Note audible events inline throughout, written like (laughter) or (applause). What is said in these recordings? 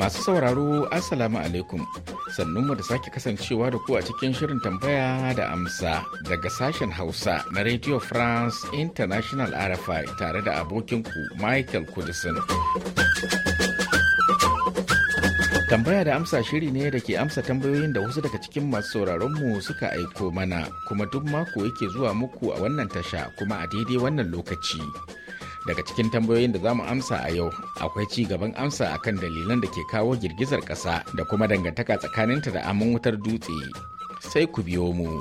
Masu sauraro Assalamu alaikum mu da sake kasancewa da ku a cikin shirin tambaya da amsa daga sashen Hausa na Radio France International RFI tare da abokinku Michael Kudisin. Tambaya da amsa shiri ne da ke amsa tambayoyin da wasu daga cikin masu sauraronmu suka aiko mana kuma duk mako yake zuwa muku a wannan tasha kuma a daidai wannan lokaci. Daga cikin tambayoyin da za mu amsa a yau akwai ci gaban amsa akan dalilan da ke kawo girgizar ƙasa da kuma dangantaka tsakaninta da aman wutar dutse. Sai ku biyo mu.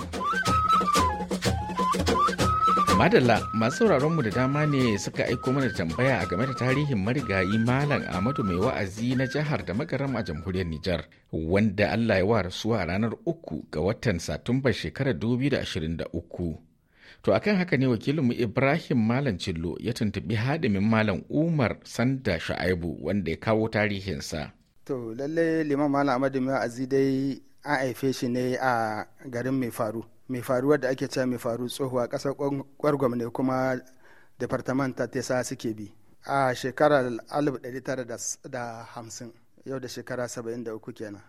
Madalla masu sauraron mu da dama ne suka aiko mana tambaya a game da tarihin marigayi Malam Ahmadu mai wa'azi na jihar da makaram a jamhuriyar Nijar wanda Allah ya wa rasuwa a ranar uku ga watan Satumba shekarar 2023. To akan haka ne wakilinmu Ibrahim Malam Cillo ya tuntubi hadimin Malam Umar Sanda Sha'aibu wanda ya kawo tarihinsa. To lallai Liman Malam Ahmadu mai wa'azi dai an haife shi ne a garin mai faru. mai faruwar da ake cewa mai faru tsohuwa ƙasar kwargwam ne kuma departament ta tesa suke bi a shekarar 1950 yau da shekara 73 kenan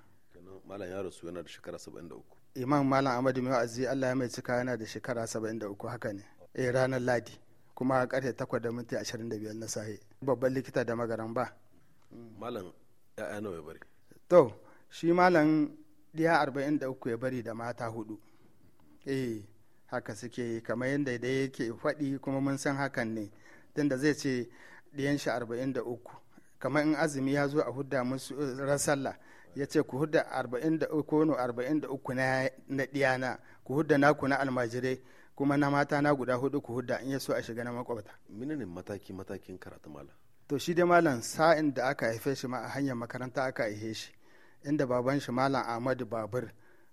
malam ya rasu yana da shekara 73 imam malam amadu mai wa'azi allah ya mai cika yana da shekara 73 haka ne A e, ranar ladi kuma a karfe 8 da minti 25 na sahi babban likita da magaran ba mm. malam ya nawa ya bari to shi malam diya 43 ya bari da mata hudu eh haka suke kamar yadda da yake faɗi kuma mun san hakan ne tunda zai ce ɗiyan shi arba'in da uku kamar in azumi ya zo a hudda musu eh, rasalla ya ce ku hudda arba'in da uku eh, no arba'in da uku na ɗiyana ku hudda naku na almajirai kuma na mata na guda hudu ku hudda in ya so a shiga na makwabta. Minanin mataki matakin karatu malam. to shi dai malam sa'in da aka haife shi ma a hanyar makaranta aka haife shi inda baban shi malam ahmadu babur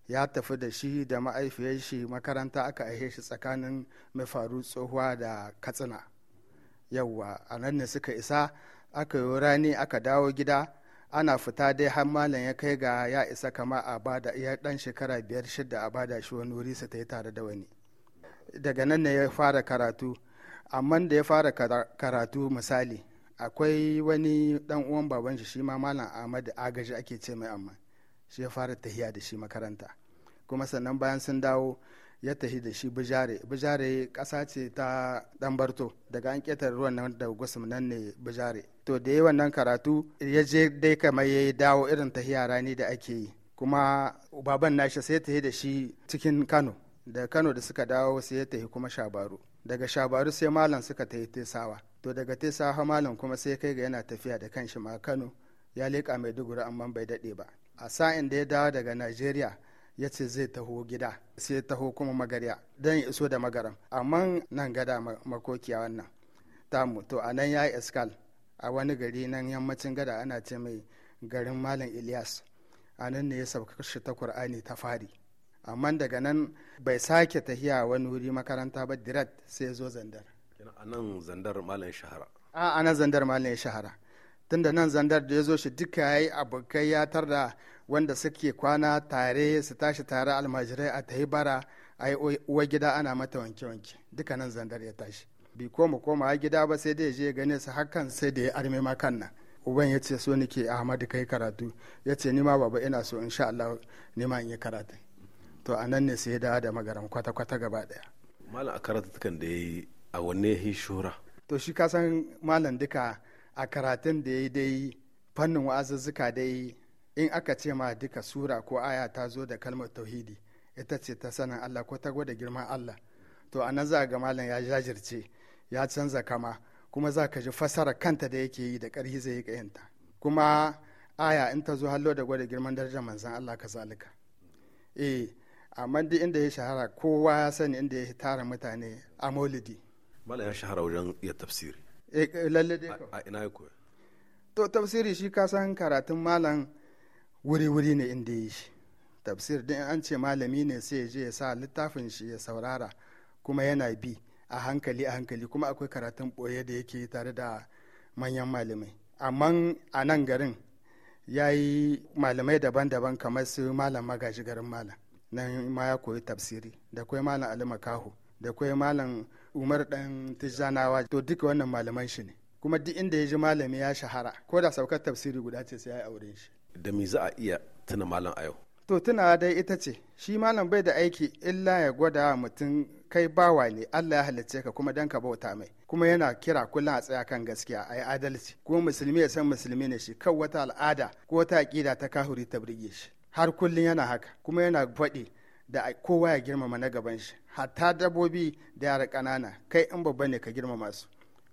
ya tafi da shi da ma'aifiyar shi makaranta aka aihe shi tsakanin mai faru tsohuwa da katsina yauwa a nan ne suka isa aka yi rani aka dawo gida ana fita dai har malam ya kai ga ya isa kama a bada iya dan shekara biyar shida a bada shi wani wuri su ta yi tare da wani daga nan ne ya fara karatu amma da ya fara karatu misali akwai wani dan uwan baban shi ma malam ahmad agaji ake ce mai amma shi ya fara tahiya da shi makaranta kuma sannan bayan sun dawo ya tahi da shi bujare bujare ƙasa ce ta ɗanbarto daga an ƙetare ruwan nan da gusum nan ne bujare to da yi wannan karatu ya je dai kamar ya dawo irin tahiya rani da ake yi kuma baban nashi sai tahi da shi cikin kano da kano da suka dawo sai ya tahi kuma shabaru daga shabaru sai malam suka tahi tesawa to daga tesawa malam kuma sai kai ga yana tafiya da kanshi ma kano ya leƙa maiduguri amma bai daɗe ba a sa'in da ya dawo daga Najeriya ya ce zai taho gida sai taho kuma magarya don ya iso da magaran amma nan gada makokiya wannan tamu to a nan ya yi iskal a wani gari nan yammacin gada ana ce mai garin malam ilyas a nan ne ya sauka shi ta kur'ani ta fari amma daga nan bai sake tahiya wani wuri makaranta ba direct sai zo zandar a nan zandar malam shahara a nan zandar malam shahara tunda nan zandar da ya zo shi duka ya yi abokai ya tarda wanda suke kwana tare su tashi tare almajirai a ta yi bara a yi uwa gida ana mata wanke-wanke duka nan zandar ya tashi bi koma koma gida ba sai dai je gane su hakan sai da ya arme ma kan nan uban ya ce so nake ahmadu kai karatu ya ce nima baba ina so sha Allah nima in yi karatu to a nan ne sai da da magaran kwata-kwata gaba daya malam a karatutukan da ya yi a wanne ya yi shura to shi kasan malam duka a karatun da ya dai fannin wa'azuzzuka dai in aka ce ma duka sura ko aya ta zo da kalmar tauhidi ita ce ta sanin Allah ko ta gwada girman Allah to a nan za ga malam ya jajirce ya canza kama kuma za ka ji fasara kanta da yake yi da ƙarfi zai yi ƙayanta kuma aya in ta zo hallo da gwada girman darajar manzan Allah ka zalika eh amma duk inda ya shahara kowa ya sani inda ya tara mutane a maulidi malam ya shahara wajen iya tafsiri Eh, eh, lalle dai a ina to tafsiri shi ka san karatun malam wuri-wuri ne inda yi shi tafsir din an ce malami ne sai ya je ya sa littafin shi ya saurara kuma yana bi a hankali a hankali kuma akwai karatun boye da yake tare da manyan malamai amma a nan garin ya yi malamai daban-daban kamar su malam magaji garin malam nan ma ya koyi tafsiri da kwai malam ali da kwai malam umar dan tijjanawa to duka wannan malaman shi ne kuma duk inda ya ji malami ya shahara ko da saukar tafsiri guda ce sai ya yi auren shi da me za a iya tuna malam a yau to tunawa dai ita ce shi malam bai da aiki illa ya gwada wa mutum kai bawa ne Allah ya halicce ka kuma dan ka bauta mai kuma yana kira kullum a tsaya kan gaskiya a yi adalci kuma musulmi ya san musulmi ne shi kan wata al'ada ko wata aƙida ta kahuri ta birge shi har kullum yana haka kuma yana faɗi da kowa ya girmama na gaban shi hatta dabbobi da yara ƙanana kai in babba ne ka girmama su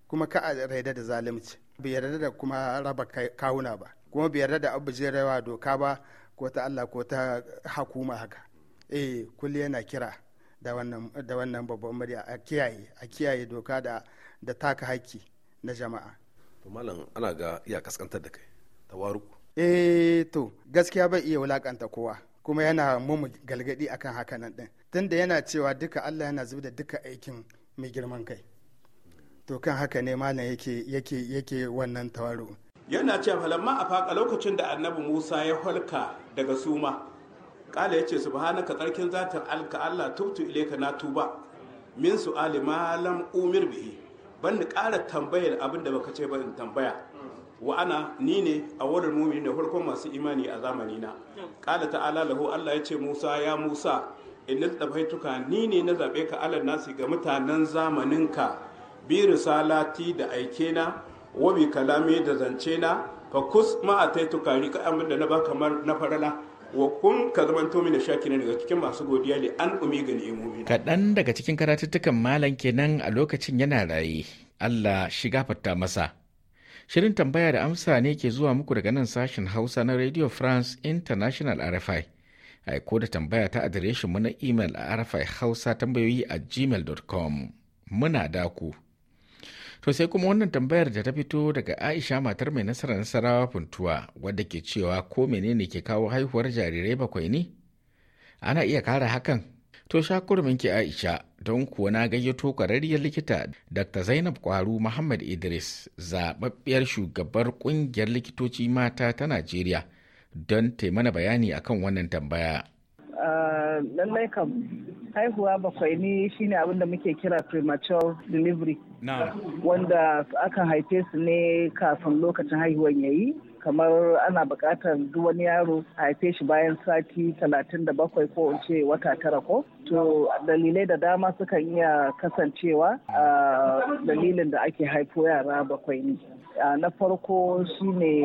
kuma ka a raida da zalunci bai yarda da kuma raba kawuna ba kuma bai yarda da abu jerewa doka ba ko ta Allah ko ta hakuma haka eh kulli yana kira da wannan da wannan babban murya a kiyaye a kiyaye doka da da taka haƙƙi na jama'a to malam ana ga iya kaskantar da kai tawaruku eh to gaskiya bai iya wulakanta kowa kuma yana mumu galgadi akan nan din tunda yana cewa duka Allah yana zubi da duka aikin mai girman kai to kan haka ne malam yake yake yake wannan tawaro yana cewa falamma a faka lokacin da annabi Musa ya halka daga suma kala yace subhanaka tsarkin zatin alka Allah tubtu ilayka na tuba min su'ali malam umir bihi ban ni kara tambayar abin da baka ce ba in tambaya wa ana ni ne a wurin mumini da farkon masu imani a zamani na kala ta'ala lahu Allah ya ce Musa ya Musa in tuka ni ne na zaɓe ka alal nasi ga mutanen zamanin ka bi risalati da aike na wa bi kalame da zance na fa kus ma ataituka rika amin da na ba kamar na farala wa kun ka zamanto mini shakina daga cikin masu godiya ne an umi ga ni'imomi kaɗan daga cikin karatuttukan malam kenan a lokacin yana raye Allah shiga fatta masa Shirin tambaya da amsa ne ke zuwa muku daga nan sashen Hausa na Radio France International RFI. Aiko da tambaya ta adireshinmu na imel a RFI Hausa tambayoyi a gmail.com. Muna daku. To sai kuma wannan tambayar da ta fito daga Aisha matar mai nasara nasarawa funtuwa wadda ke cewa ko menene ke kawo haihuwar jarirai bakwai ne? Ana iya kara hakan? To shakur ki Aisha don kuwa na gayyato kwararriyar likita dr zainab kwaru muhammad idris zababbiyar shugabar ƙungiyar likitoci mata ta najeriya don taimana bayani akan wannan tambaya ah, lallai kam haihuwa bakwai ne shine abin da muke kira premature delivery wanda aka haife su ne kafin lokacin haihuwan yayi kamar ana bukatar duk wani yaro a haife shi bayan sati talatin da bakwai ko in ce wata tara ko to dalilai da dama sukan iya kasancewa a dalilin da ake haifo yara bakwai ne na farko shine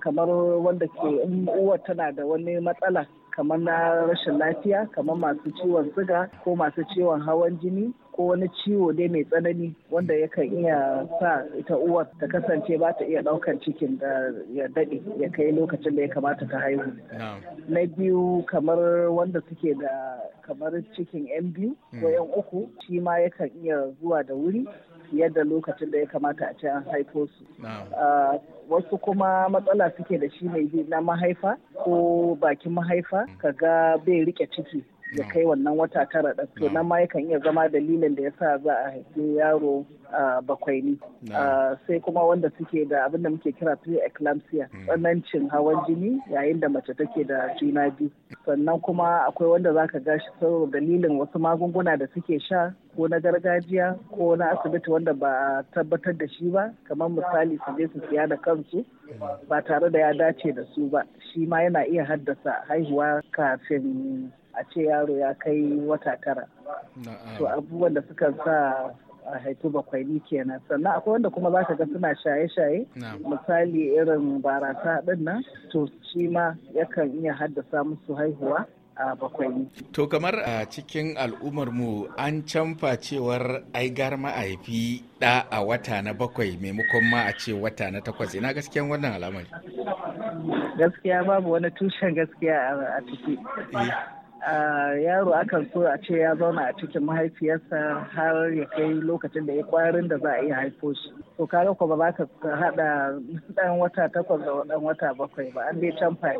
kamar wanda ke uwar tana da wani matsala kamar na rashin lafiya kamar masu ciwon suga ko masu ciwon hawan jini ko wani ciwo dai mai tsanani wanda yakan iya sa ita uwar ta kasance ba ta iya ɗaukan cikin da ya daɗe ya kai lokacin da ya kamata ta haihu. Na biyu kamar wanda suke da kamar cikin 'yan biyu ko hmm. 'yan uku shi ma yakan iya zuwa da wuri yadda lokacin da ya kamata a ce an haifo su. Wasu kuma matsala suke da shi mai na mahaifa ko bakin mahaifa ka ga bai rike ciki ya kai wannan wata tara da to nan ma yakan iya zama dalilin da ya sa za a haifi yaro bakwai ne sai kuma wanda suke da abin da muke kira pre-eclampsia mm. tsanancin hawan jini yayin da mace take da juna biyu sannan kuma akwai wanda za ka gashi saboda dalilin wasu magunguna da suke sha ko na gargajiya ko na asibiti wanda ba a tabbatar da shi ba kamar misali su je su siya da kansu ba tare da ya dace da su ba shi ma yana iya haddasa haihuwa kafin a ce yaro ya kai wata tara to abubuwan da suka sa a haitu ni kenan sannan akwai wanda kuma za ka ga suna shaye-shaye misali irin barasa din nan to shi ma yakan iya haddasa musu haihuwa a bakwai ni. To kamar a cikin al'ummar an canfa cewar ai gar ma'aifi da a wata na bakwai maimakon ma a ce wata na takwas ina gaskiyan wannan al'amari. Gaskiya babu wani tushen gaskiya a ciki. Eh. yaro akan so a ce ya zauna a cikin mahaifiyarsa har ya kai lokacin da ya kwarin da za a iya haifo shi to kare ko ba ka haɗa ɗan wata takwas da ɗan wata bakwai ba an dai canfa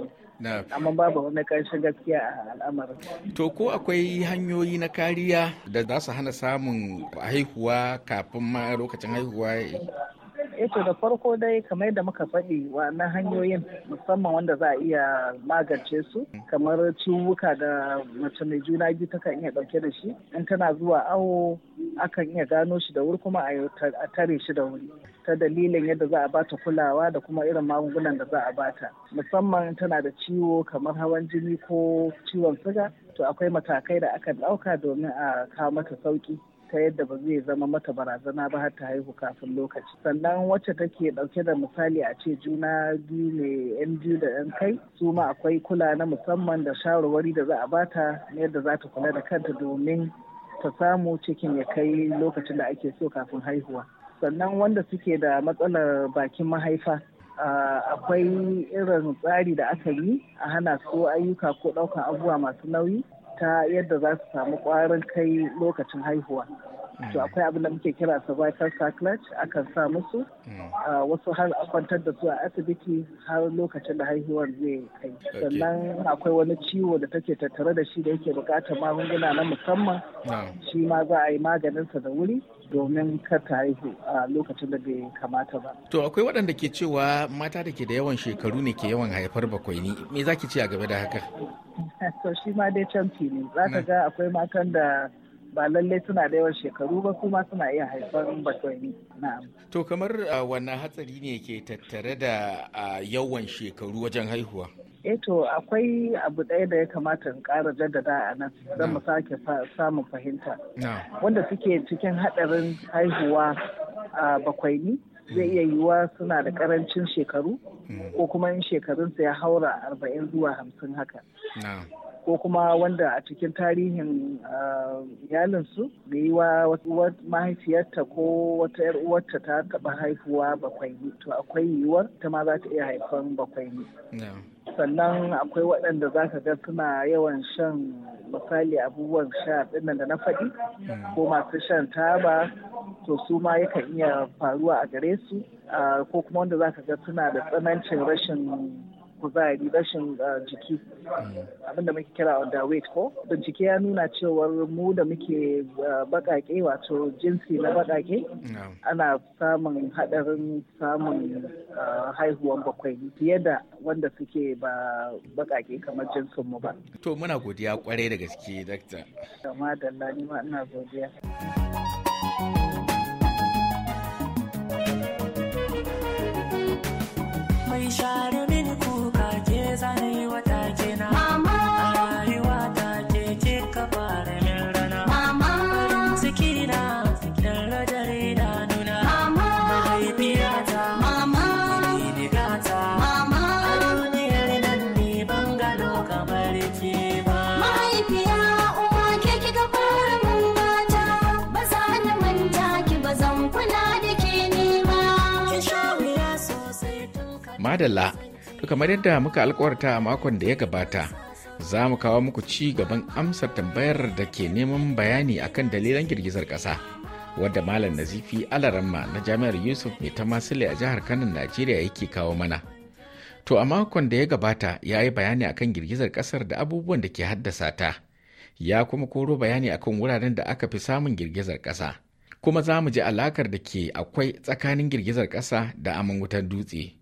amma babu wani ƙarshen gaskiya a al'amarin to ko akwai hanyoyi na kariya da za su hana samun haihuwa kafin ma lokacin haihuwa eto eh da farko dai kamar da muka faɗi na hanyoyin musamman wanda za a iya magance su kamar ciwuka da mace mai juna biyu ta kan iya ɗauke da shi in tana zuwa awo akan iya gano shi da wuri kuma a tare shi da wuri ta dalilin yadda za a bata kulawa da kuma irin magungunan da za a bata musamman tana da ciwo kamar hawan jini ko ciwon suga to akwai matakai da akan ɗauka domin a kawo mata sauki ta yadda ba zai zama mata barazana ba har ta haihu kafin lokaci sannan wacce take dauke da misali a ce juna biyu ne yan biyu da yan kai su ma akwai kula na musamman da shawarwari da za a bata na yadda za ta kula da kanta domin ta samu cikin ya kai lokacin da ake so kafin haihuwa sannan wanda suke da matsalar bakin mahaifa akwai irin tsari da aka yi a hana su ayyuka ko ɗaukan abubuwa masu nauyi ta yadda za su samu kwarin kai lokacin haihuwa to mm. akwai abin da muke kira cervical sacrilege akan sa musu mm. wasu har a kwantar da su a asibiti har lokacin da haihuwar zai kai sannan akwai wani ciwo da take tattare da shi da yake bukatar magunguna na musamman shi ma za a yi maganinsa da wuri domin ta haihu a lokacin da bai kamata ba. To akwai waɗanda ke cewa mata da ke da yawan shekaru ne ke yawan haifar bakwai ne me za ki ce a game da haka? (laughs) to shi ma dai canfi ne za ka ga akwai matan da ba lallai suna da yawan shekaru ba kuma suna iya haifar batoni na'am to kamar ah, wannan hatsari ne ke tattare da ah, yawan shekaru wajen haihuwa eh to akwai abu ɗaya da ya kamata in ƙara jaddada a nan don mu sake samun fahimta wanda suke cikin haɗarin haihuwa a ah, bakwaini zai iya yiwuwa suna da karancin shekaru mm. ko kuma in shekarunsa ya haura arba'in zuwa hamsin haka ko kuma wanda a cikin tarihin uh, iyalinsu da yi wa mahaifiyarta ko wata yar uwarta ta taba haihuwa bakwai ne to akwai yiwuwar ta ma za ta iya haifan bakwai ne sannan akwai waɗanda za ka ga suna yawan shan misali abubuwan sha ɗinnan da na faɗi mm. ko masu shan taba to su ma yakan iya faruwa a gare su ko kuma wanda za ka ga suna da tsanancin rashin kuzari rashin uh, jiki mm. abinda muke kira da weight ko bincike ya nuna cewar mu da muke uh, bakake wato jinsi na bakake ana samun hadarin samun uh, haihuwan bakwai fiye da wanda suke ba bakake kamar jinsin mu ba to muna godiya kwarai da gaske dakta ma da ina godiya Madalla, to kamar yadda muka alkawarta a makon da ya gabata, za mu kawo muku ci gaban amsar tambayar da ke neman bayani akan dalilan girgizar ƙasa. Wadda Malam Nazifi Alaramma na Jami'ar Yusuf mai ta Masile a jihar Kano, Najeriya yake kawo mana. To a makon da ya gabata ya yi bayani akan girgizar ƙasar da abubuwan da ke haddasa ta. ya kuma koro bayani akan wuraren da aka fi samun girgizar ƙasa kuma za mu ji alakar da ke akwai tsakanin girgizar ƙasa da aman wutan dutse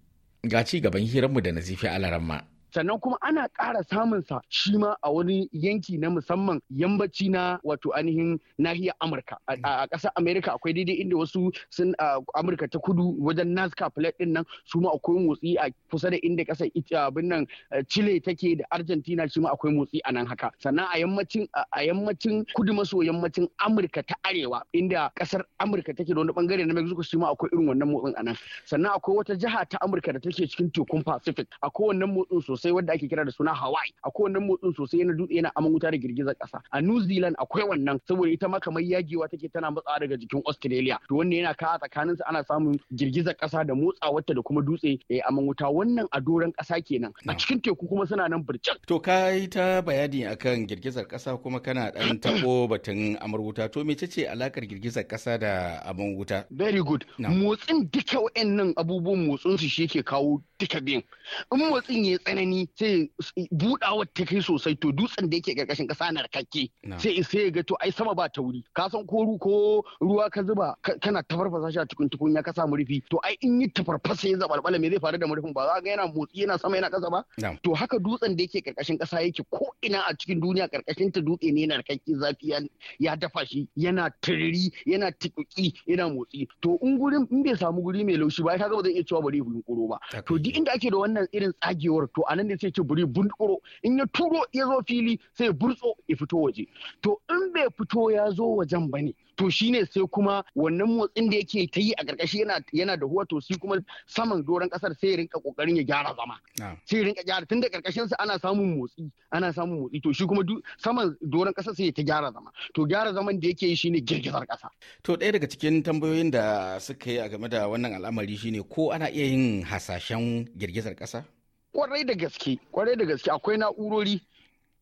ga ci gaban hiranmu da nazifi alaramma sannan kuma ana ƙara samunsa shi ma a wani yanki na musamman yambaci na wato ainihin nahiyar amurka a ƙasar amerika akwai daidai inda wasu sun amurka ta kudu wajen nazca plate din nan su ma akwai motsi a kusa da inda ƙasar abin nan chile take da argentina shi ma akwai motsi a nan haka sannan a yammacin a yammacin kudu maso yammacin amurka ta arewa inda ƙasar amurka take da wani bangare na mexico shi ma akwai irin wannan motsin a nan sannan akwai wata jiha ta amurka da take cikin tekun pacific akwai wannan motsin sosai sosai wanda ake kira da suna Hawaii akwai wannan motsin sosai yana dutse yana aman wuta da girgizar kasa a New Zealand akwai wannan saboda ita ma kamar yagewa take tana matsawa daga jikin Australia to wannan yana ka tsakanin su ana samun girgizar kasa da motsawarta da kuma dutse eh aman wuta wannan a doron ƙasa kenan a cikin teku kuma suna nan burcin to ka ta bayani akan girgizar kasa kuma kana dan tabo (coughs) batun amar wuta to mecece alakar girgizar kasa da aman wuta very good motsin duka wa'annan abubuwan motsin su shi ke kawo duka biyan in motsin ya tsanani gani sai budawar ta kai sosai to dutsen da yake karkashin ƙasa na rakakke sai sai ga to ai sama ba tauri ka san ko ko ruwa ka zuba kana tafarfasa shi a cikin tukunya ka samu rufi to ai in yi tafarfasa ya zabalbala me zai faru da murfin ba za ga yana motsi yana sama yana kasa ba to haka dutsen da yake karkashin ƙasa yake ko ina a cikin duniya karkashin ta dutse ne na rakakke zafi ya dafa shi yana tiriri yana tikuki yana motsi to in gurin in bai samu guri mai laushi ba ka ga ba zai iya cewa bari ba to duk inda ake da wannan irin tsagewar to a nan ne sai ce buri bunduro in ya turo ya zo fili sai ya burtso ya fito waje to in bai fito ya zo wajen ba ne to shine sai kuma wannan motsin da yake ta yi a ƙarƙashi yana da huwa to sai kuma saman doron ƙasar sai ya rinka kokarin ya gyara zama ah. sai ya rinka gyara tunda ƙarƙashin sa ana samun motsi ana samun motsi to shi kuma saman doron ƙasar sai ya ta gyara zama to gyara zaman da yake yi shine girgizar ƙasa. to ɗaya daga cikin tambayoyin da suka yi a game da wannan al'amari shine ko ana iya yin hasashen girgizar kasa kwarai da gaske kwarai da gaske akwai na'urori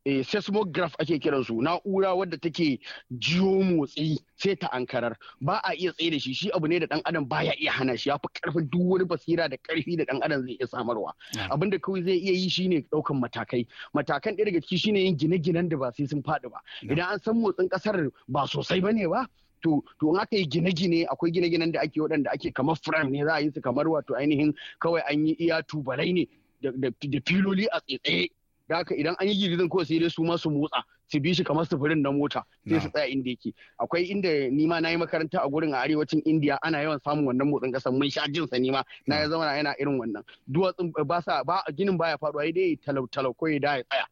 e seismograph ake kiransu na'ura wadda take jiyo motsi sai ta ankarar ba a iya tsaye da shi shi abu ne da dan adam baya iya hana shi ya fi karfin duk wani basira da karfi da dan adam zai iya samarwa abin da kawai zai iya yi shine daukan matakai matakan ɗaya daga ciki shine yin gine-ginen da ba sai sun faɗi ba idan an san motsin ƙasar ba sosai bane ba to to in aka yi gine-gine akwai gine-ginen da ake waɗanda ake kamar firam ne za a yi su kamar wato ainihin kawai an yi iya tubalai ne da filoli a tsaye da aka, idan an yi girgizan ko sai dai su ma su motsa su bi shi kamar sufurin na mota sai su tsaya inda yake akwai inda Nima na yi makaranta a gurin a arewacin India ana yawan samun wannan motsin kasan mun sha jin sa ni ma na ya zama yana irin wannan duwatsun ba sa ba ginin baya faduwa dai talau talau ko ya da ya tsaya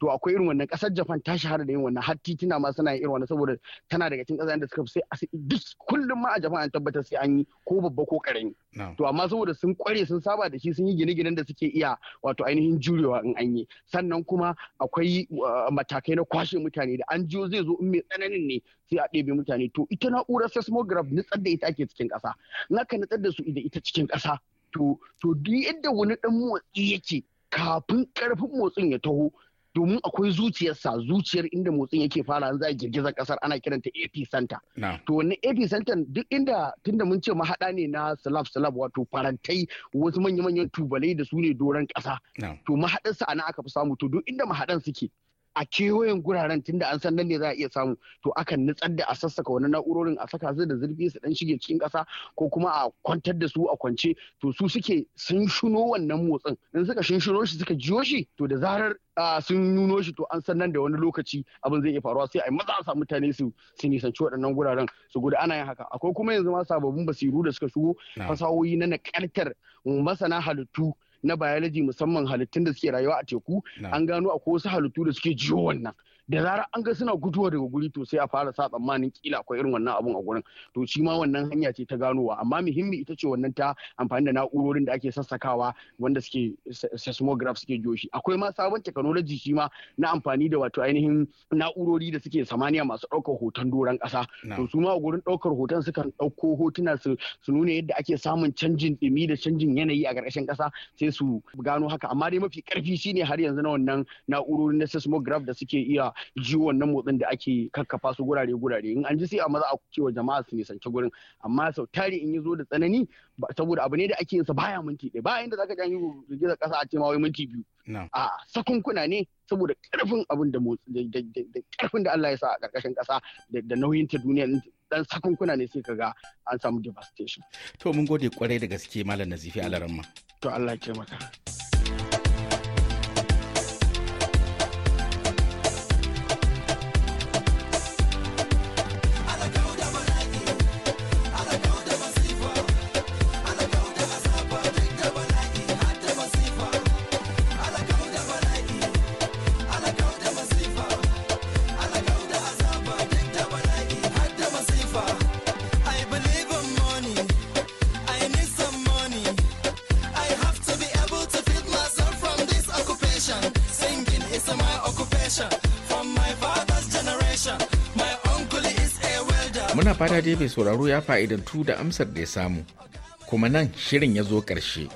to akwai irin wannan kasar Japan ta shahara da yin wannan har titina ma suna yin irin wannan saboda tana daga cikin kasashen da suka sai a duk kullum ma a Japan an tabbatar sai an yi ko babba ko karami to amma saboda sun kware sun saba da shi sun yi gine-ginen da suke iya wato ainihin jurewa in an yi sannan kuma akwai uh, matakai na kwashe mutane da an jiyo zai zo in mai tsananin ne sai a ɗebe mutane to ita na'urar seismograph nitsar da ita ake cikin ƙasa na ka nutsar da su da ita cikin ƙasa to to duk yadda wani ɗan motsi yake kafin ƙarfin motsin ya taho domin akwai zuciyarsa zuciyar inda motsin yake fara za a girgizar kasar ana kiranta AP center. To wannan AP center duk inda tunda mun ce mahaɗa ne na slab slab wato farantai wasu manya-manyan tubalai da su ne doron ƙasa. To mahaɗansa ana aka fi samu to duk inda mahaɗan suke a kewayen guraren tunda an san nan ne za a iya samu to akan nutsar da a sassaka wani na'urorin a saka su da zurfi su dan shige cikin kasa, ko kuma a kwantar da su a kwance to su suke sun shuno wannan motsin in suka shinshino shi suka jiyo shi to da zarar sun nuno shi to an san nan da wani lokaci abin zai iya faruwa sai a maza a samu mutane su su nisanci waɗannan guraren su guda ana yin haka akwai kuma yanzu ma sababbin basiru da suka shigo fasahohi na nakartar masana halittu na biology musamman halittun da suke rayuwa a teku an gano akwai wasu halittu da suke jiyo wannan da zarar an ga suna gutuwa daga guri to sai a fara sa tsammanin kila akwai irin wannan abun a gurin to shi ma wannan hanya ce ta ganowa amma muhimmi ita ce wannan ta amfani da na'urorin da ake sassakawa wanda suke seismograph suke joshi akwai ma sabon technology shi ma na amfani da wato ainihin na'urori da suke samaniya masu ɗaukar hoton doron ƙasa to su ma a gurin ɗaukar hoton sukan ɗauko hotuna su nuna yadda ake samun canjin ɗumi da canjin yanayi a ƙarƙashin ƙasa sai su gano haka amma dai mafi ƙarfi shine har yanzu na wannan na'urorin na seismograph da suke iya ji wannan motsin da ake kakkafa su gurare gurare in an ji sai a maza a cewa jama'a su nisanci gurin amma sau tari in yi zo da tsanani saboda abu ne da ake yin sa baya minti ɗaya bayan da zaka ji da kasa a ce ma wai minti biyu a sakunkuna ne saboda karfin abin da karfin da Allah ya sa a karkashin ƙasa da nauyin ta duniya dan sakunkuna ne sai ka ga an samu devastation to mun gode kwarai da gaske malam nazifi alaramma to Allah ya maka. fata dai bai sauraro ya fa'idantu da amsar da ya samu kuma nan shirin ya zo ƙarshe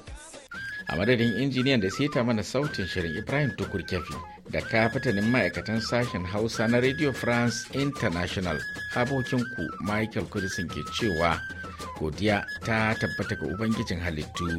a madadin injiniyan da seta mana sautin shirin ibrahim tukur kefi da kafatanin ma'aikatan sashen hausa na radio france international abokin ku michael kudisin ke cewa godiya ta tabbata ga ubangijin halittu